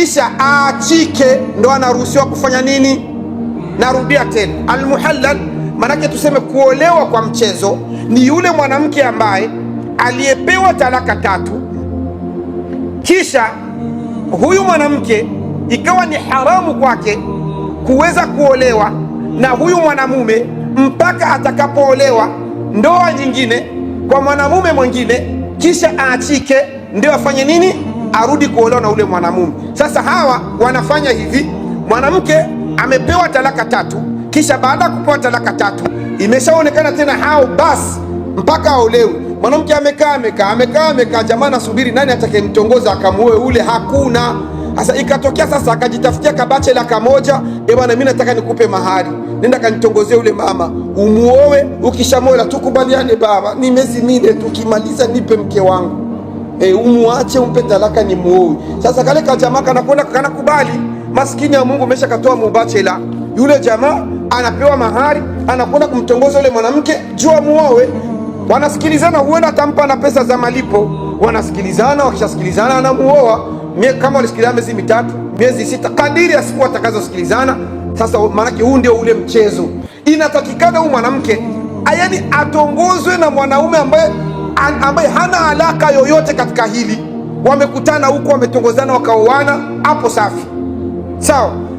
kisha aachike, ndo anaruhusiwa kufanya nini? Narudia tena, almuhallal maanake tuseme kuolewa kwa mchezo ni yule mwanamke ambaye aliyepewa talaka tatu, kisha huyu mwanamke ikawa ni haramu kwake kuweza kuolewa na huyu mwanamume mpaka atakapoolewa ndoa nyingine kwa mwanamume mwingine, kisha aachike, ndio afanye nini? arudi kuolewa na ule mwanamume. Sasa hawa wanafanya hivi, mwanamke amepewa talaka tatu, kisha baada ya kupewa talaka tatu imeshaonekana tena hao basi mpaka aolewe. Mwanamke amekaa amekaa amekaa amekaa, jamaa anasubiri nani atakayemtongoza akamuoe ule, hakuna. Sasa ikatokea sasa akajitafutia kabachela kamoja, e bwana, mimi nataka nikupe mahari, nenda kanitongozee ule mama umuoe, ukishamuoa tukubaliane, baba, nimezi mine, tukimaliza nipe mke wangu E, umuache umpe talaka ni muoe. Sasa kale kajamaa kanakwenda kanakubali, maskini ya Mungu mesha katoa mubachela, yule jamaa anapewa mahari, anakwenda kumtongoza yule mwanamke jua muoe. Wanasikilizana, huenda atampa na pesa za malipo. Wanasikilizana, wakishasikilizana anamuoa. Kama walisikilizana miezi mitatu, miezi sita, kadiri ya siku watakazosikilizana. Sasa maanake huu ndio ule mchezo, inatakikana huyu mwanamke yani atongozwe na mwanaume ambaye ambaye hana alaka yoyote katika hili, wamekutana huko, wametongozana, wakaoana, hapo safi, sawa.